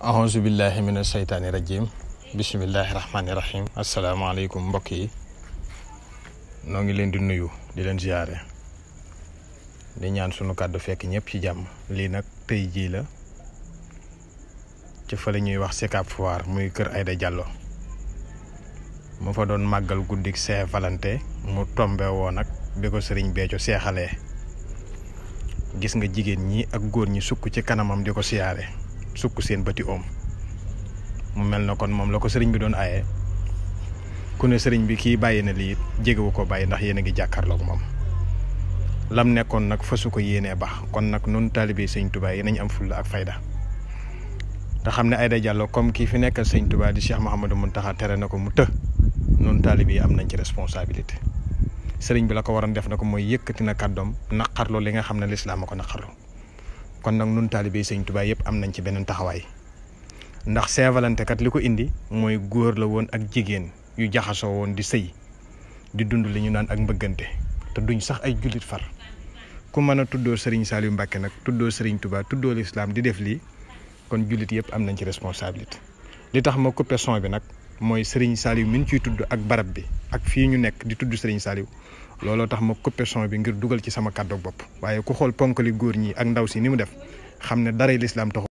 ahousu billahi min asheytaani rajim bisimillahi rahmaani rahim asalaamaaleykum mbokk yi noo ngi leen di nuyu di leen ziare di ñaan sunu kàddu fekk ñépp ci jàmm lii nag tey jii la ci fa ñuy wax Sicap Foire muy kër Aïda Diallo mu fa doon màggal guddik Saint Valentin mu tombe woon nag bi ko sëriñ Béthio seexalee gis nga jigéen ñi ak góor ñi sukk ci kanamam di ko siyaare sukk seen bëti om mu mel na kon moom la ko sëriñ bi doon aaye ku ne sëriñ bi kii bàyyi na lii jegewu ko bàyyi ndax yéen a ngi jàkkaarloog moom lam nekkoon nag fasu ko yéenee baax kon nag nun taalibe sëñ Tuubaa yi nañ am fulla ak fayda te xam ne ay Aida Diallo comme kii fi nekkal sëñ Tuubaa di Cheikh Mouhamadou Mountakha tere na ko mu të nun taalibe yi am nañ ci responsabilité sëriñ bi la ko waroon def na ko mooy yëkkati na kàddoom naqarlu li nga xam ne lislaam a ko naqarlu kon nag nun taalibe sëñ Tuubaa yëpp am nañ ci beneen taxawaay ndax saint li ko indi mooy góor la woon ak jigéen yu jaxasoo woon di sëy di dund li ñu naan ak mbëggante te duñ sax ay jullit far ku mën a tuddoo saal yu Mbacke nag tuddoo Serigne Touba tuddoo lislaam di def lii kon jullit yëpp am nañ ci responsabilité li tax ma coupé son bi nag. mooy Serigne Saliou mi ñu ciy tudd ak barab bi ak fii ñu nekk di tudd Serigne Saliou looloo tax ma coupé son bi ngir dugal ci sama kàddu bopp waaye ku xool ponkali góor ñi ak ndaw si ni mu def xam ne daray lislaam taxu